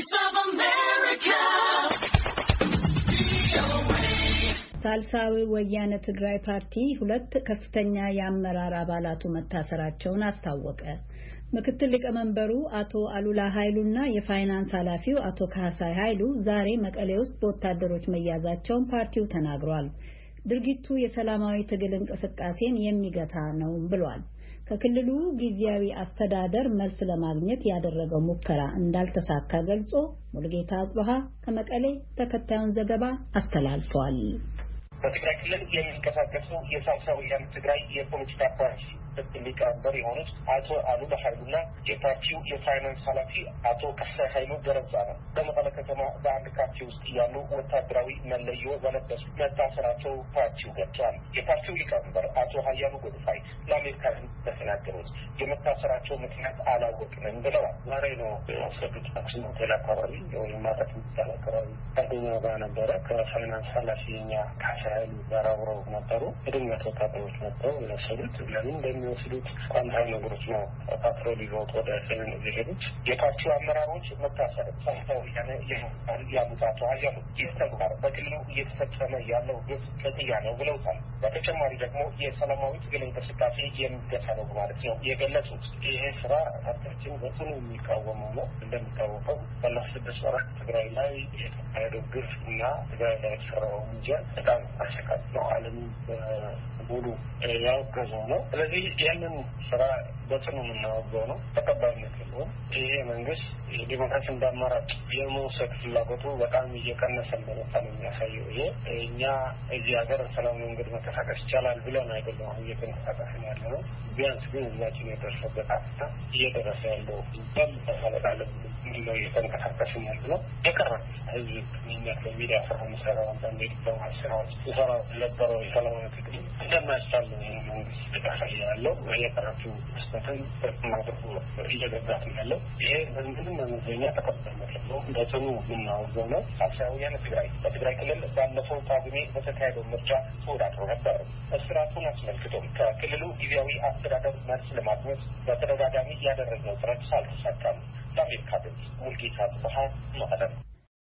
Voice of America. ሳልሳዊ ወያነ ትግራይ ፓርቲ ሁለት ከፍተኛ የአመራር አባላቱ መታሰራቸውን አስታወቀ። ምክትል ሊቀመንበሩ አቶ አሉላ ኃይሉና የፋይናንስ ኃላፊው አቶ ካሳይ ኃይሉ ዛሬ መቀሌ ውስጥ በወታደሮች መያዛቸውን ፓርቲው ተናግሯል። ድርጊቱ የሰላማዊ ትግል እንቅስቃሴን የሚገታ ነው ብሏል። ከክልሉ ጊዜያዊ አስተዳደር መልስ ለማግኘት ያደረገው ሙከራ እንዳልተሳካ ገልጾ ሙልጌታ አጽበሃ ከመቀሌ ተከታዩን ዘገባ አስተላልፏል። በትግራይ ክልል የሚንቀሳቀሱ የሳልሳይ ወያነ ትግራይ የፖለቲካ ፓርቲ ሊቀመንበር የሆኑት አቶ አሉላ ሀይሉና የፓርቲው የፋይናንስ ኃላፊ አቶ ካሳይ ሀይሉ ገረዛ ነው በመቀለ ከተማ በአንድ ካፌ ውስጥ እያሉ ወታደራዊ መለዮ በለበሱ መታሰራቸው ፓርቲው ገልጿል። የፓርቲው ሊቀመንበር አቶ ሀያሉ ጎድፋይ ለአሜሪካ ድምፅ ተናገሩት። የመታሰራቸው ምክንያት አላወቅንም ብለዋል። ዛሬ ነው የወሰዱት። አክሱም ሆቴል አካባቢ ወይም ማለት ሚሳል አካባቢ ጓደኛ ጋር ነበረ ከፋይናንስ ኃላፊ ኛ ካሳ ሀይሉ ጋር አብረው ነበሩ። ድንገት ወታደሮች ነበሩ የወሰዱት ለምን የሚወስዱት ቋንታዊ ነገሮች ነው። ፓትሮል ይዘውት ወደ ሰሜን ሄዱት። የፓርቲው አመራሮች መታሰር ሳይተው ያሉታቸው አያሉ ይስተግባር በክልሉ እየተፈጸመ ያለው ግብ ቅጥያ ነው ብለውታል። በተጨማሪ ደግሞ የሰላማዊ ትግል እንቅስቃሴ የሚገሳ ነው ማለት ነው የገለጹት። ይሄ ስራ ፓርቲያችን በጽኑ የሚቃወመው ነው። እንደሚታወቀው ባለፉት ስድስት ወራት ትግራይ ላይ የተካሄደው ግፍ እና ትግራይ ላይ የተሰራው ወንጀል በጣም አሰቃቂ ነው። ዓለም በሙሉ ያወገዘው ነው። ስለዚህ ያንን ስራ በጽኑ የምናወገው ነው። ተቀባይነት የለውም። ይሄ መንግስት የዲሞክራሲ እንዳማራጭ የመውሰድ ፍላጎቱ በጣም እየቀነሰ እንደመጣ ነው የሚያሳየው። ይሄ እኛ እዚህ ሀገር ሰላም መንገድ መንቀሳቀስ ይቻላል ብለን አይደለም አሁን እየተንቀሳቀስ ያለ ነው። ቢያንስ ግን እዛችን የደረሰበት አፍታ እየደረሰ ያለው በል መሳለጥ አለብን ነው ያለ ነው። የቀረ ህዝብ ግንኙነት በሚዲያ ስራ የሚሰራው አንዳንድ ዲፕሎማሲ ስራዎች ሲሰራ ነበረው የሰላማዊ ትግል እንደማያስቻል ነው መንግስት እያሳየ ያለው የቀረችው ክስተትን ማድረጉ እየገባት ያለው ይሄ በምንም መመዘኛ ተቀባይነት ያለው በጽኑ የምናወገው ነው። አብሳውያን ትግራይ በትግራይ ክልል ባለፈው ጳጉሜ በተካሄደው ምርጫ ተወዳድሮ ነበር። እስራቱን አስመልክቶም ከክልሉ ጊዜያዊ አስተዳደር መልስ ለማግኘት በተደጋጋሚ ያደረግነው ጥረት አልተሳካም። ለአሜሪካ ድምፅ ሙልጌታ ጽበሀ መቀለም